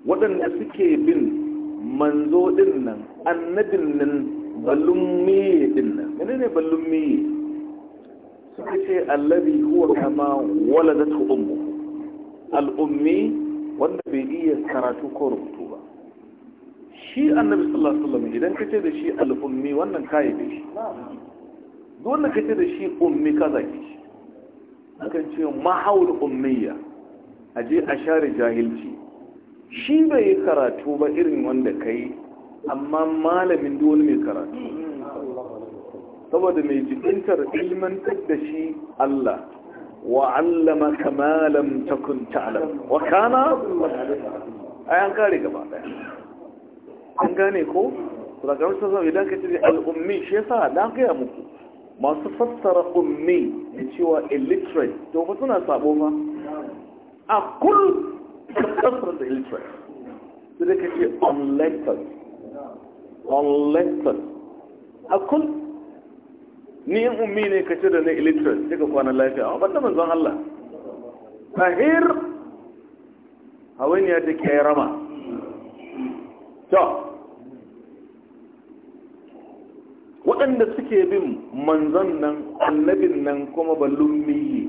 Speaker 1: waɗanda suke bin manzo din nan annabin nan balummi din menene ballummi suka ce allazi huwa kama waladatu ummu al-ummi wanda bai iya karatu ko rubutu ba shi annabi sallallahu alaihi wasallam idan kace da shi al-ummi wannan kai ne shi duk wanda kace da shi ummi kaza ki shi akan ce mahaul ummiya aje a share jahilci shi bai karatu ba irin wanda kai amma malamin duk wani mai karatu saboda mai jikintar ilmantar da shi Allah wa allama kamalam takun ta'lam wa kana ai an kare gaba daya an gane ko rakamar sa zai idan ka ce al-ummi shi yasa na gaya muku masu fassara ummi da cewa illiterate to fa suna sabo ma a kul kasar da illiterate su da ka ce unlettered unlettered a kul ni yin ummi ne ka ce da na illiterate sai ka kwana lafiya a banda manzon Allah tahir hawainiya take yayi rama to waɗanda suke bin manzon nan annabin nan kuma ballummi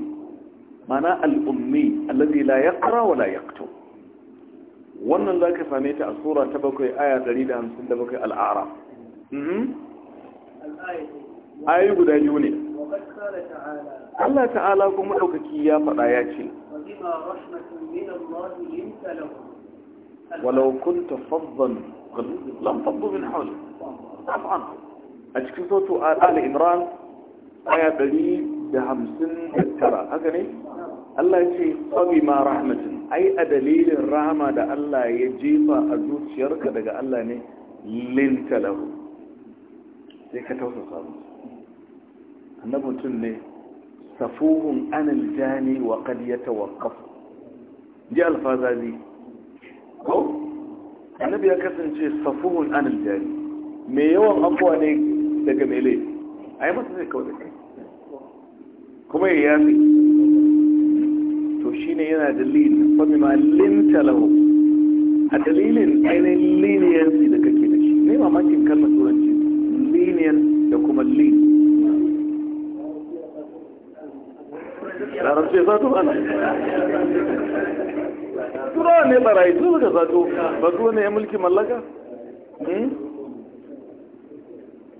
Speaker 1: mana al'ummi ummi alladhi la yaqra wa la yaktub wannan za ka same ta a sura ta bakwai aya 157 al'ara mhm. ayoyi guda biyu ne Allah ta'ala kuma ɗaukaki ya faɗa ya ce walau kunta faddan lam faddu min hawl tafan a cikin soto al imran aya ɗari da hamsin da tara haka ne Allah ya ce fabi ma rahmatin ai a dalilin rahama da Allah ya jefa a zuciyarka daga Allah ne lintalahu sai ka tausasa musu na mutum ne safuhun anil jani wa kad ya tawakkaf ji alfazali ko annabi ya kasance safuhun anil jani mai yawan afuwa ne daga mele. a yi masa zai kawo da kai kuma ya yi to shi ne yana dalilin fami ma linta lahu a dalilin ainihin leniency da kake da shi ne mamakin kalmar turanci liniyan da kuma lin. ce zato ba
Speaker 2: tura ne barai tura da
Speaker 1: zato ba zuwa ne ya mulki mallaka?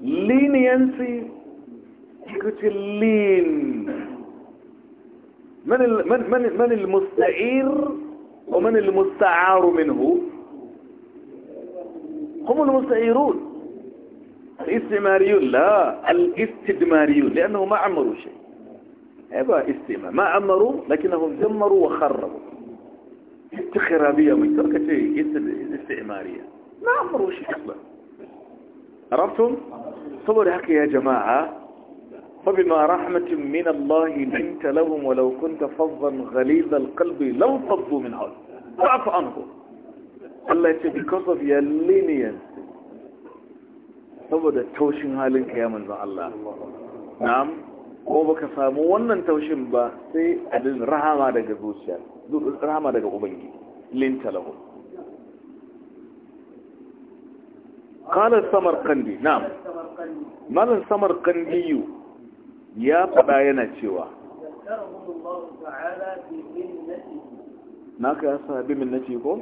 Speaker 1: leniency kikuci lean من من من من المستعير ومن المستعار منه هم المستعيرون الاستعماريون لا الاستدماريون لانه ما عمروا شيء ايبا استيما ما عمروا لكنهم دمروا وخربوا استخرابية من تركة استعمارية ما عمروا شيء اصلا عرفتم صور حكي يا جماعة فبما رحمة من الله لنت لهم ولو كنت فظا غليظ القلب لو فضوا من حول ضعف عنه الله يسعدك because of your leniency توشن هالك يا من الله نعم ko baka samu wannan taushin ba sai abin rahama daga zuciya rahama daga ubangiji linta lahu qala samarqandi na'am malan samarqandi ya fada yana cewa naka ya bi minnati ko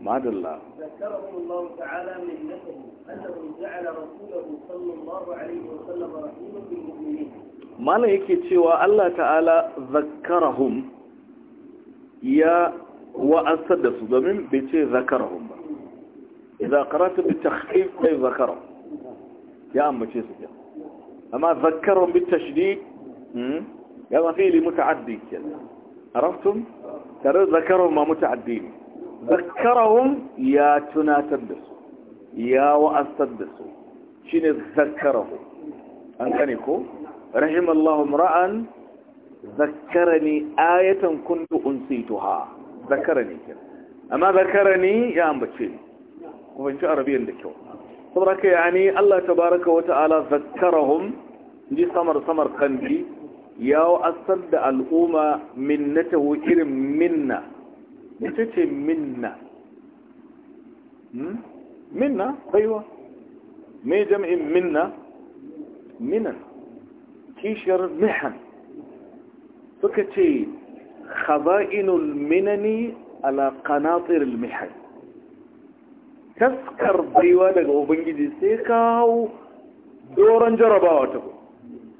Speaker 2: madalla zakarahum Allah ta'ala minnatihi أنه جعل رسوله صلى الله عليه وسلم رحيما بالمؤمنين
Speaker 1: ما لا يكي تشوى الله تعالى ذكرهم يا وأسد صدمين بيتي ذكرهم إذا قرأت بالتخفيف أي ذكرهم يا أم بيتي سجا أما ذكرهم بالتشديد يا فيه متعدي كلا عرفتم ذكرهم ما متعدين ذكرهم يا تناتبسوا ya wa'asar da su shi ne zakarahu an kane ko rahim Allah ra'an zakarani ayatan tuha unsituha ne kin amma ne ya ambace kuma in ci arabiyan da kyau saboda ka yani Allah Ta baraka wa ta'ala zakarahum ji samar samar kanji ya wa'asar da al'umma minnatahu irin minna ce minna hmm? minna baiwa me jam'in minna minan kishiyar mihan suka ce khaba'inul minani ala qanatiril mihan kaskar baiwa daga ubangiji sai kawo doron jarabawa ta ku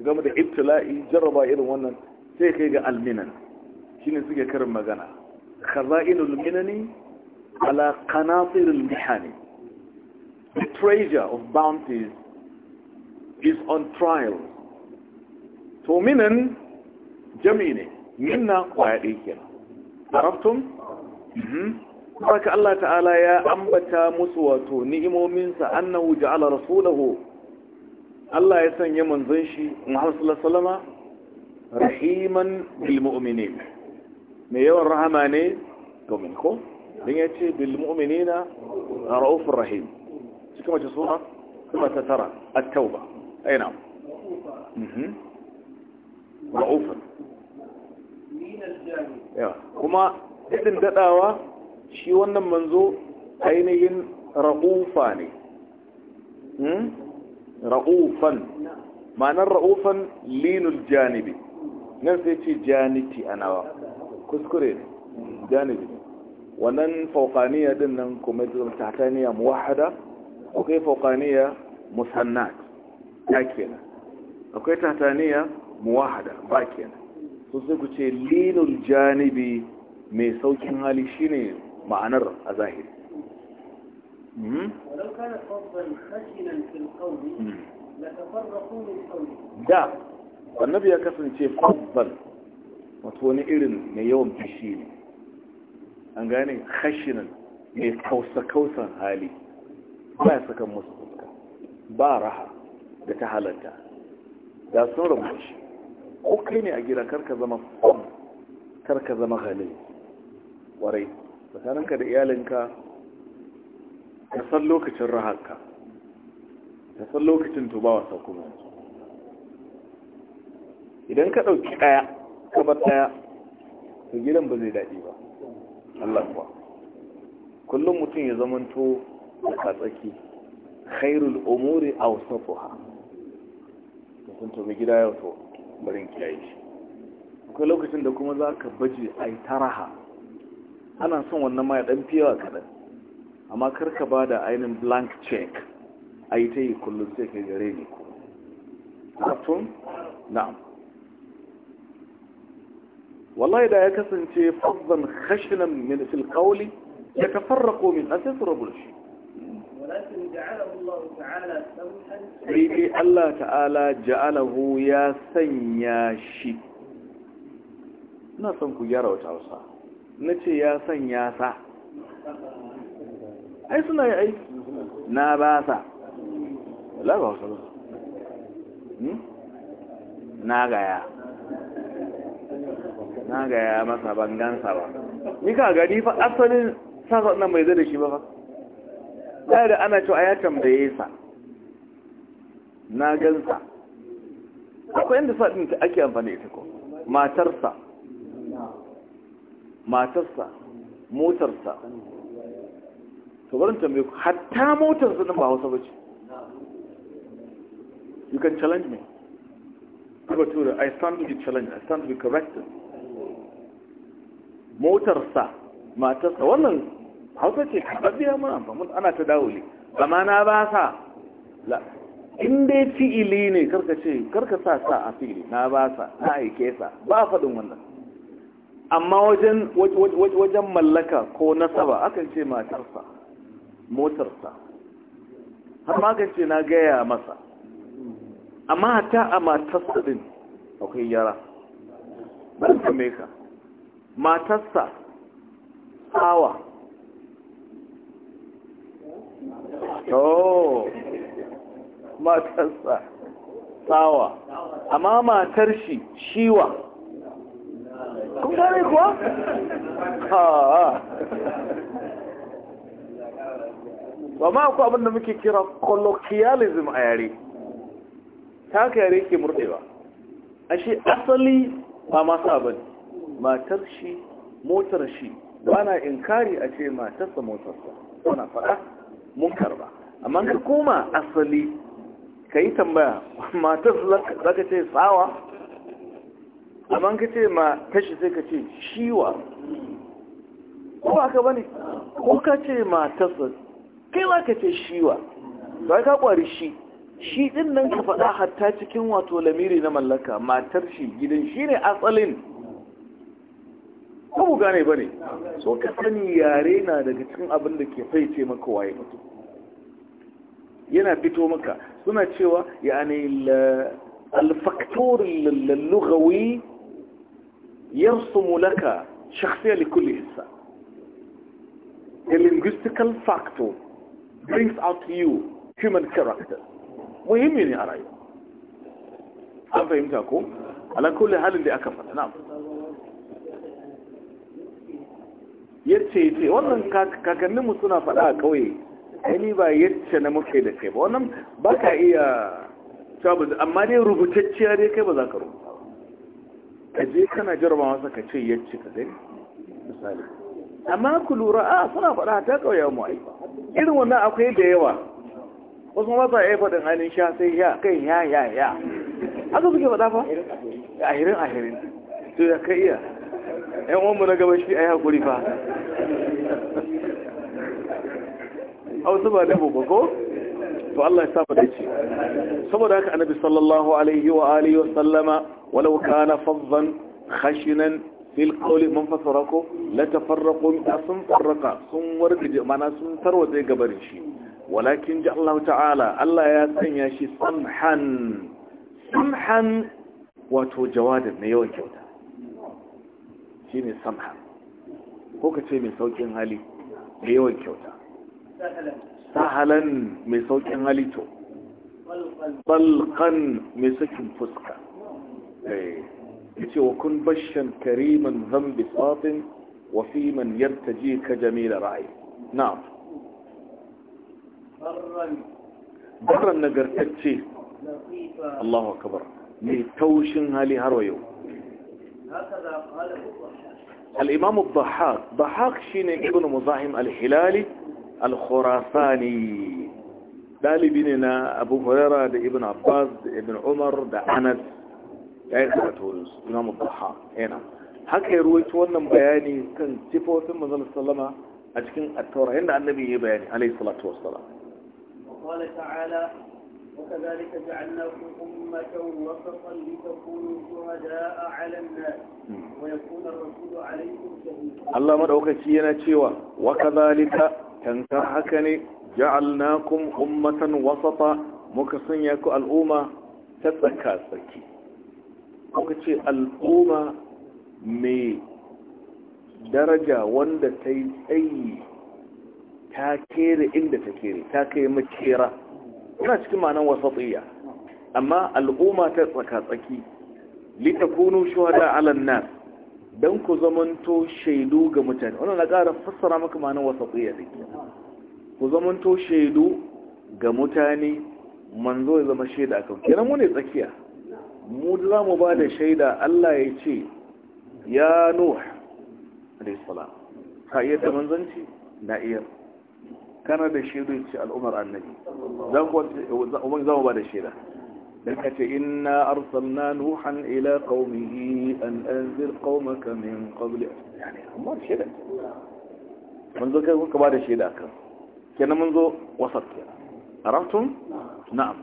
Speaker 1: game da ibtila'i jaraba irin wannan sai kai ga alminan shine suke karin magana khaza'inul minani ala qanatiril mihani The treasure of bounties is on trial. To minan ne, minna kwaya ɗaya kenan. Arabtum? Mhm. Baraka Allah ta'ala ya ambata musu wato ni'imominsa annahu ja'ala rasulahu Allah ya sanya manzon shi Muhammad sallallahu alaihi wasallam rahiman bil mu'minin. me yawan rahama ne domin ko? Dan ya ce bil mu'minina ra'ufur rahim. cikin wace sura kuma ta tara at-tauba ai na'am mhm. ra'ufan kuma idin dadawa shi wannan manzo ainihin ra'ufa ne hmm? ra'ufan ma'anar ra'ufan linul janibi nan sai ce janiti anawa kuskure ne janibi wannan faukaniya din nan kuma ta hataniya muwahada akwai fauƙaniya musannat ya kenan akwai tataniya muwahada ba kenan so sai ku ce linul janibi mai saukin hali shine ma'anar a zahiri hmm? hmm. da annabi ya kasance fabban wato wani irin mai yawan fishi ne an gane khashinan mai kausa-kausan hali ba ya saka musu fuska ba raha da ta halatta da sun rabu shi ko kai ne a gida karka zama kwan karka zama halin warai tsakaninka da iyalinka ka san lokacin raharka ka san lokacin tubawa sa kuma idan ka ɗauki ɗaya ka bar ɗaya to gidan ba zai daɗi ba Allah kuwa kullum mutum ya zamanto da tsaki khairul umuri awsatuha kun to mai gida yau to barin kiyaye shi akwai lokacin da kuma za ka baje a yi taraha ana son wannan ma ya ɗan fiyawa kaɗan amma kar ka ba da ainihin blank check a yi ta yi kullum sai ka gare ne ku kafin na'am wallahi da ya kasance fadlan khashinan min fil qawli yatafarraqu min asas rabul shi
Speaker 2: Riɗi Allah
Speaker 1: ta'ala ja'alahu ya sanya shi, na son ku gyara wata wasa, na ce ya sanya sa, ai suna yi ai, na ba sa, ba wasa ba, hmm? na gaya, na gaya masa bangansa ba, ni ka gani fa asalin sasa na mai zai da shi ba fa. ɗaya da ana cewa ya tambaye sa na gansa akwai yadda sa'adin ta ake amfani ita ko matarsa matarsa motarsa to barin tambaye ku hatta motarsa ɗin ba hausa bace you can challenge me Kubatura, I stand to be challenged, I stand to be corrected. Motarsa, matarsa, wannan hausa ce biya muna famun ana ta dawuli zamana ba sa la inda fi'ili ne karka ce karka sa sa a fi'ili na ba sa na aike sa ba faɗin wannan amma wajen wajen mallaka ko nasaba akan ce matarsa motarsa har ma kan ce na gaya masa amma ta a matarsa din akwai yara ban kame ka matarsa hawa oh matarsa tsawa amma matar shi shiwa
Speaker 3: kun gane kuwa?
Speaker 1: ha ba ma akwai abinda muke kira colloquialism a yare ta ka yare ke murɗewa shi asali ba masu abin matar shi motar shi ba na inkari a ce matarsa motarsa na faɗa munkar ba amma ka koma asali ka yi tambaya mata za ka ce tsawa amma ka ce ma tashi sai ka ce shiwa ko ba ka bane ko ka ce matarsa kai ba ka ce shiwa ba ka kwari shi shi din nan ka faɗa hatta cikin wato lamiri na mallaka matar shi gidan shi ne asalin ko mu gane ba ne so ka sani yare na daga cikin abin da ke faice maka waye mutum yana fito maka suna cewa yani الفاكتور اللغوي يرسم لك شخصية لكل إنسان The linguistical factor brings out to you human character مهم يعني أرأيه هل فهمتكم؟ على كل حال اللي أكفت نعم yace yace wannan kakanninmu suna faɗa a ƙauye ni ba yace na muke da kai ba wannan ba ka iya sabu amma dai rubutacciya dai kai ba za ka rubuta ka je kana jarba masa ka ce yace ka dai misali amma ku lura a suna faɗa ta ƙauye mu ai irin wannan akwai da yawa wasu ma ba ya faɗin halin sha sai ya kai ya ya ya haka suke faɗa fa ahirin ahirin to ya kai iya yan uwanmu na gaban shi a yi haƙuri fa hausa ba dabo ba ko to Allah ya saba da dace saboda haka annabi sallallahu alaihi wa alihi wa sallama walau kana faddan khashinan fil qawli man fasarako la tafarraqu sun farraqa sun wargaje mana sun tarwaje gabarin shi walakin ja Allah ta'ala Allah ya sanya shi samhan samhan wato jawadin na yawan kyauta shi ne samha ko ka ce mai saukin hali da yawan kyauta sahalan mai saukin hali to balkan mai sakin fuska eh ya ce wa kun bashan kariman zambi tsafin wa fi man yartaji ka jamila ra'ayi na barran nagartacce Allahu akbar mai taushin hali har wa yau الإمام الضحاك ضحاك شين ابن مزاحم hilali الخراساني ɗalibi na abu hurera da ibn abbas da ibn umar da anas ya yi tsaratorinsu imamu baha yana haka ya ruwaci wannan bayanin kan sifofin mazal a cikin attaura yadda annabi ya bayani salatu
Speaker 2: وكذلك جعلناكم أمة وسطا لتكونوا شهداء على الناس ويكون الرسول عليكم شهيدا الله
Speaker 1: مدعوك سينا شيوا وكذلك تنكحكني جعلناكم أمة وسطا مكسنيك الأمة تتكاسكي وكتي الأمة مي daraja wanda ta yi tsayi ta kere inda ta kere ta kai makera yana cikin wasa wasatiyya amma al'umma ta tsaka-tsaki litakunu shuhada 'ala Alan nas dan ku zamanto shaidu ga mutane wannan na ƙara fassara maka ma'anar wasatiyya ke. ku zamanto shaidu ga mutane manzo ya zama shaida kan kiran mu ne tsakiya mu za mu ba da shaida Allah ya ce ya nuh alayhi salam ka iya da manzanci na iya كان هذا الشيء يقول الأمر عن النبي ومن ذا هو هذا الشيء بل إنا أرسلنا نوحا إلى قومه أن أنزل قومك من قبل يعني أمر شيء من ذا يقول كبار الشيء كان منذ وسط عرفتم؟ نعم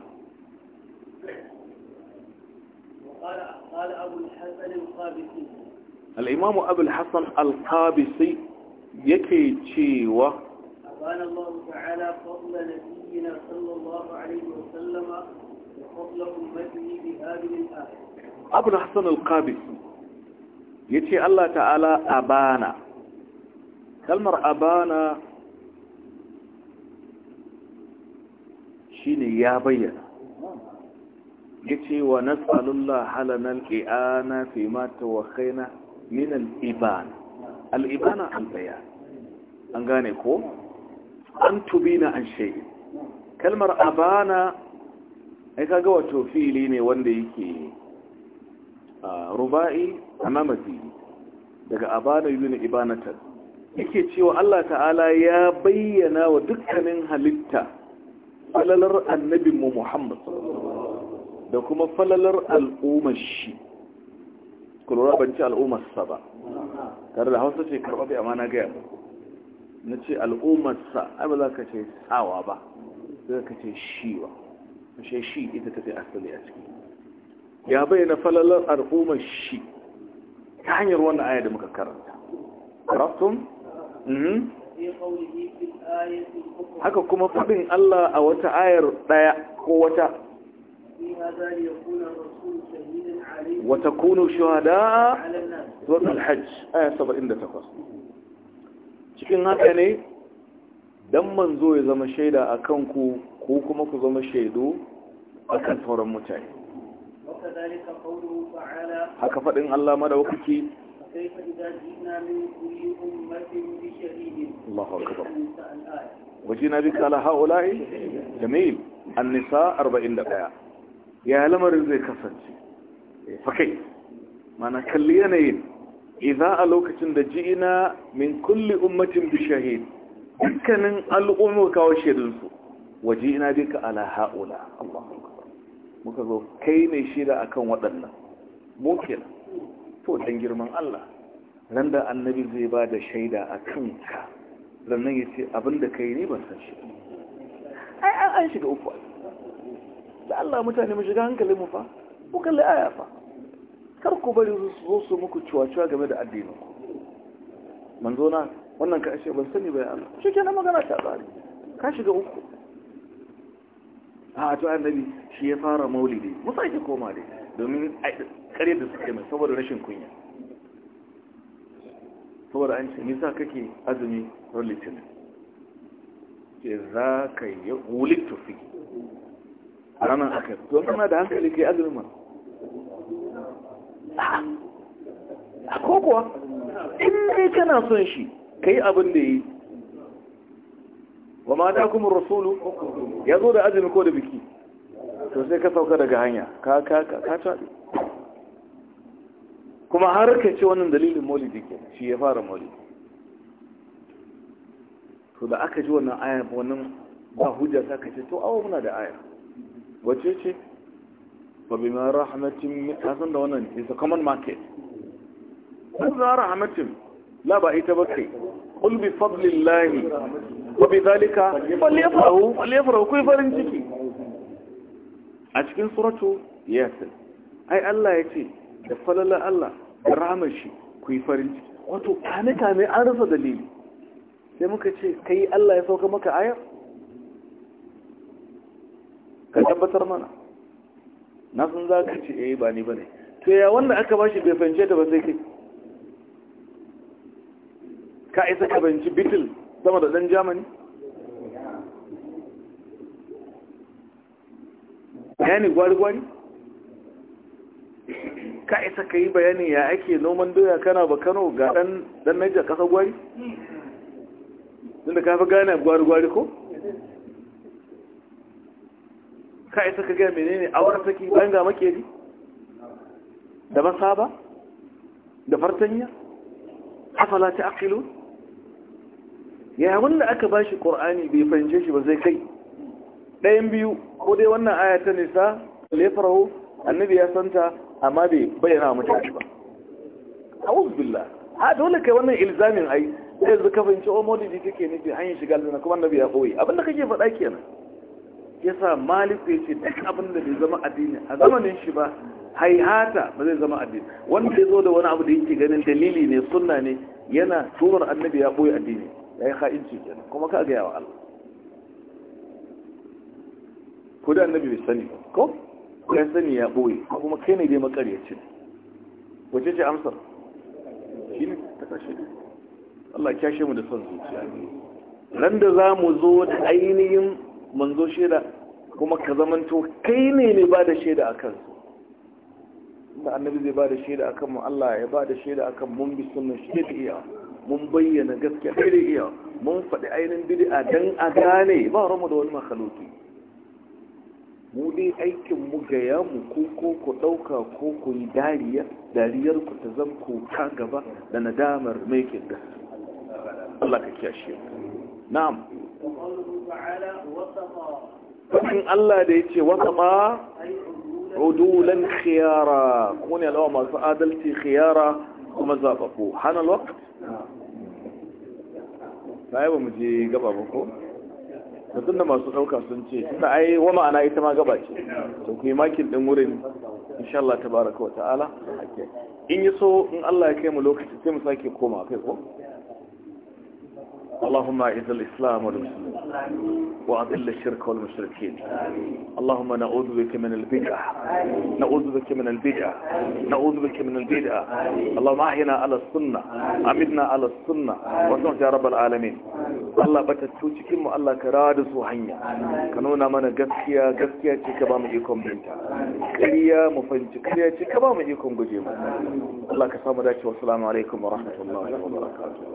Speaker 2: وقال قال أبو الحسن القابسي
Speaker 1: الإمام أبو الحسن القابسي يكي تشيوه
Speaker 2: قال الله تعالى فضل نبينا صلى الله عليه وسلم وفضل أمته بهذه الآية
Speaker 1: أبن حسن القابس يتي الله تعالى أبانا كلمة أبانا shine ya bayyana yace wa nas'alullah halana al-i'ana fi ma tawakhaina min al-ibana al-ibana al-bayan an gane ko an tubina an shayi kalmar abana ai kaga wato fili ne wanda yake ruba'i amamati daga abana Yuni ibanatar yake cewa Allah ta'ala ya bayyana wa dukkanin halitta falalar annabin mu Muhammad da kuma falalar al'ummar shi kulura ban al'ummar sa ba tare da hausa ce karɓa bai amana gaya na ce al'ummarsa ai ba za ka ce tsawa ba sai ka ce shi ba ashe shi ita ta kai asali a ciki ya na falalar al'ummar shi ta hanyar wannan aya da muka karanta raftun mm-hmm. haka kuma faɗin Allah a wata ayar ɗaya ko wata
Speaker 2: wata kunu shuhada wata alhajj
Speaker 1: aya 78 cikin haka ne don manzo ya zama shaida a kanku ko kuma ku zama shaidu a kan sauran mutane
Speaker 2: haka faɗin Allah ma da wakuki Allah waje na bi duka
Speaker 1: alaha da jami'il an nisa arba'in 41 ya yi lamarin zai kasance eh, fakai mana kalli yanayin idan a lokacin da ji'ina min kulli ummatin bi shahid dukkanin al'ummu kawo shaidunsu waje ina duka ala ha'ula Allah muka zo kai ne shida akan waɗannan mu kenan to dan girman Allah nan da annabi zai ba da shaida akan ka sannan yace abinda kai ne ban san shi ai an shiga uku da Allah mutane mu shiga hankalin mu fa mu kalli aya fa kar ku bari zo su muku cuwa-cuwa game da addininku manzo na wannan ka ashe ban sani bai Allah shi kenan magana ta tsari ka shiga uku a ah, to annabi shi ya fara maulidi mu sake koma dai domin kare da suke mai saboda rashin kunya saboda an ce nisa kake azumi rolitin Ke za ka yi wulittu fi a ranar aka to kana da hankali kai azumi mana a ko kuwa in dai kana son shi ka yi abin da yi wa mata kuma rasulu ya zo da azumi ko da biki to sai ka sauka daga hanya ka ka ka ka kuma har ka ce wannan dalilin maulidi ke shi ya fara maulidi to da aka ji wannan aya wannan ba hujja sa ka ce to awo muna da aya wace ce fa bima rahmatin kasan da wannan is a common market kaza rahmatin laba ba ita bakai qul bi fadlillahi wa bi zalika falyafrahu falyafrahu kuy farin ciki a cikin suratu yasin ai Allah ya ce da falala Allah da rahmar shi kuy farin ciki wato kane kane an rasa dalili sai muka ce kai Allah ya sauka maka ayar ka tabbatar mana na sun za ka ce eh ba ni ba ne to ya wanda aka bashi bai fahimce ta ba sai kai ka isa ka fahimci bitil sama da ɗan jamani bayani gwari-gwari ka isa ka yi bayani ya ake noman doya kana ba kano ga ɗan naija ƙasa gwari? inda ka fi gane gwari-gwari ko? ka isa ka gaya menene awar take bayan ga makeri da masaba da fartanya afala ta aqilu ya wanda aka bashi qur'ani bai fahimce shi ba zai kai ɗayan biyu ko dai wannan aya ta nisa lefarahu annabi ya santa amma bai bayyana wa mutane ba a'udhu billah a dole kai wannan ilzamin ai sai zaka fanci o oh, modiji take nufi an yi shiga kuma annabi ya koyi abinda kake faɗa kenan yasa malik ya ce duk abin da bai zama addini a zamanin shi ba haihata ba zai zama addini wanda ya zo da wani abu da yake ganin dalili ne sunna ne yana turar annabi ya boye addini ya yi ha'inci kenan kuma ka gaya wa Allah ko da annabi bai sani ko ya sani ya boye kuma kai ne dai makaryacin wace ce amsar shi ne ta kashe Allah ya kyashe mu da son zuciya ran da za mu zo da ainihin manzo shaida kuma ka zamanto kai ne ne ba da shaida a kansu da annabi zai ba da shaida akan mu Allah ya ba da shaida a akan mun bi sunna shaida iya mun bayyana gaskiya kai iya mun faɗi ainihin bid'a dan a gane ba ramu da wani makhluki mu dai aikin mu gaya mu ko ko ku ɗauka ko ku yi dariya dariyar ku ta zan kuka gaba da nadamar mai kinda Allah ka kiyashe na'am wa
Speaker 2: ta'ala wasafa
Speaker 1: Faɗin Allah da ya ce wata ma udulan khiyara kuma ne alawa masu adalci khiyara kuma zaɓaɓo hana lok? ta yi ba mu je gaba ba ko? mutum da masu ɗauka sun ce tunda ai wa ma'ana ita ma gaba ce to ku yi makin ɗin wurin insha ta tabaraka wa ta'ala in yi so in Allah ya kai mu lokaci sai mu sake koma kai ko اللهم اعز الإسلام والمسلمين وأذل الشرك والمشركين اللهم نعوذ بك من البدعة نعوذ بك من البدعة نعوذ بك من البدعة اللهم أحينا على السنة أمدنا على السنة وسمح يا رب العالمين الله Allah ka rada su hanya ka nuna mana gaskiya gaskiya ce ka ba mu ikon binta kariya mu kariya ce ka mu ikon mu Allah ka samu wa wa